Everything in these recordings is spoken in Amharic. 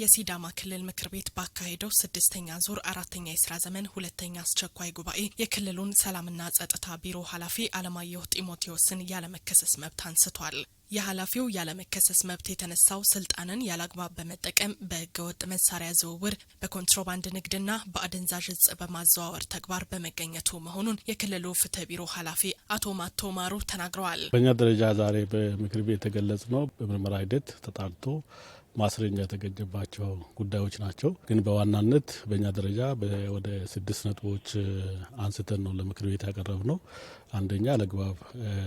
የሲዳማ ክልል ምክር ቤት ባካሄደው ስድስተኛ ዙር አራተኛ የስራ ዘመን ሁለተኛ አስቸኳይ ጉባኤ የክልሉን ሰላምና ጸጥታ ቢሮ ኃላፊ አለማየሁ ጢሞቴዎስን ያለመከሰስ መብት አንስቷል። የኃላፊው ያለመከሰስ መብት የተነሳው ስልጣንን ያላግባብ በመጠቀም በህገወጥ መሳሪያ ዝውውር፣ በኮንትሮባንድ ንግድና በአደንዛዥ እጽ በማዘዋወር ተግባር በመገኘቱ መሆኑን የክልሉ ፍትህ ቢሮ ኃላፊ አቶ ማቶ ማሩ ተናግረዋል። በእኛ ደረጃ ዛሬ በምክር ቤት የተገለጽ ነው። በምርመራ ሂደት ተጣርቶ ማስረኛ የተገኘባቸው ጉዳዮች ናቸው። ግን በዋናነት በእኛ ደረጃ ወደ ስድስት ነጥቦች አንስተን ነው ለምክር ቤት ያቀረብ ነው። አንደኛ አለግባብ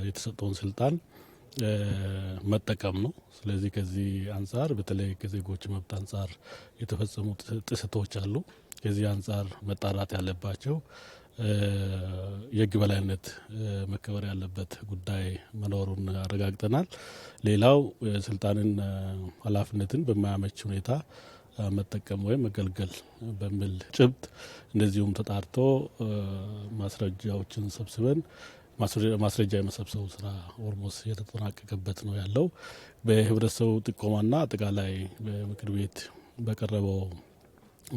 የተሰጠውን ስልጣን መጠቀም ነው። ስለዚህ ከዚህ አንጻር በተለይ ከዜጎች መብት አንጻር የተፈጸሙ ጥሰቶች አሉ። ከዚህ አንጻር መጣራት ያለባቸው የህግ በላይነት መከበር ያለበት ጉዳይ መኖሩን አረጋግጠናል። ሌላው የስልጣንን ኃላፊነትን በማያመች ሁኔታ መጠቀም ወይም መገልገል በሚል ጭብጥ እንደዚሁም ተጣርቶ ማስረጃዎችን ሰብስበን ማስረጃ የመሰብሰቡ ስራ ኦልሞስ የተጠናቀቀበት ነው ያለው። በህብረተሰቡ ጥቆማና አጠቃላይ በምክር ቤት በቀረበው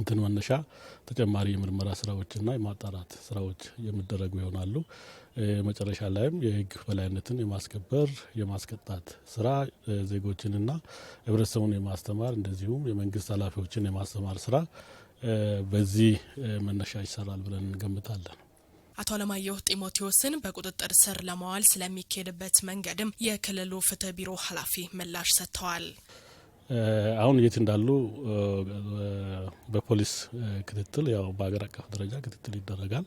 እንትን መነሻ ተጨማሪ የምርመራ ስራዎችና የማጣራት ስራዎች የሚደረጉ ይሆናሉ። መጨረሻ ላይም የህግ በላይነትን የማስከበር የማስቀጣት ስራ ዜጎችንና ህብረተሰቡን የማስተማር እንደዚሁም የመንግስት ኃላፊዎችን የማስተማር ስራ በዚህ መነሻ ይሰራል ብለን እንገምታለን። አቶ አለማየሁ ጢሞቴዎስን በቁጥጥር ስር ለማዋል ስለሚካሄድበት መንገድም የክልሉ ፍትህ ቢሮ ኃላፊ ምላሽ ሰጥተዋል። አሁን የት እንዳሉ በፖሊስ ክትትል ያው በሀገር አቀፍ ደረጃ ክትትል ይደረጋል።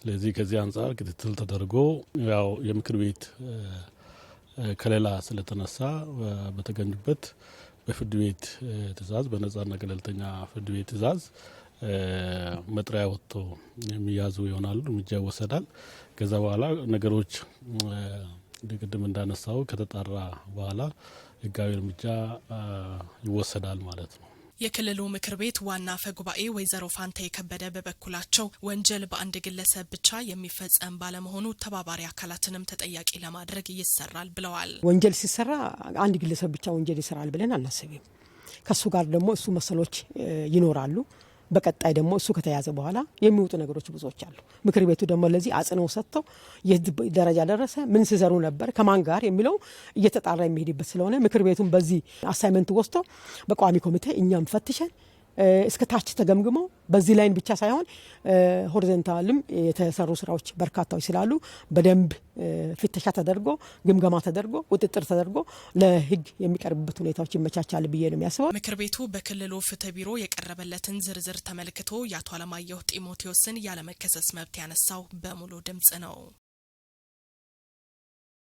ስለዚህ ከዚህ አንጻር ክትትል ተደርጎ ያው የምክር ቤት ከሌላ ስለተነሳ በተገኙበት በፍርድ ቤት ትእዛዝ በነጻና ገለልተኛ ፍርድ ቤት ትእዛዝ መጥሪያ ወጥቶ የሚያዙ ይሆናሉ። እርምጃ ይወሰዳል። ከዛ በኋላ ነገሮች ቅድም እንዳነሳው ከተጣራ በኋላ ህጋዊ እርምጃ ይወሰዳል ማለት ነው። የክልሉ ምክር ቤት ዋና አፈ ጉባኤ ወይዘሮ ፋንታ የከበደ በበኩላቸው ወንጀል በአንድ ግለሰብ ብቻ የሚፈጸም ባለመሆኑ ተባባሪ አካላትንም ተጠያቂ ለማድረግ ይሰራል ብለዋል። ወንጀል ሲሰራ አንድ ግለሰብ ብቻ ወንጀል ይሰራል ብለን አናስብም። ከእሱ ጋር ደግሞ እሱ መሰሎች ይኖራሉ። በቀጣይ ደግሞ እሱ ከተያዘ በኋላ የሚወጡ ነገሮች ብዙዎች አሉ። ምክር ቤቱ ደግሞ ለዚህ አጽንኦ ሰጥተው የት ደረጃ ደረሰ፣ ምን ስሰሩ ነበር፣ ከማን ጋር የሚለው እየተጣራ የሚሄድበት ስለሆነ ምክር ቤቱን በዚህ አሳይመንት ወስቶ በቋሚ ኮሚቴ እኛም ፈትሸን እስከ ታች ተገምግሞ በዚህ ላይን ብቻ ሳይሆን ሆሪዘንታልም የተሰሩ ስራዎች በርካታዎች ስላሉ በደንብ ፍተሻ ተደርጎ ግምገማ ተደርጎ ቁጥጥር ተደርጎ ለሕግ የሚቀርብበት ሁኔታዎች ይመቻቻል ብዬ ነው የሚያስበው። ምክር ቤቱ በክልሉ ፍትህ ቢሮ የቀረበለትን ዝርዝር ተመልክቶ የአቶ አለማየሁ ጢሞቴዎስን ያለመከሰስ መብት ያነሳው በሙሉ ድምጽ ነው።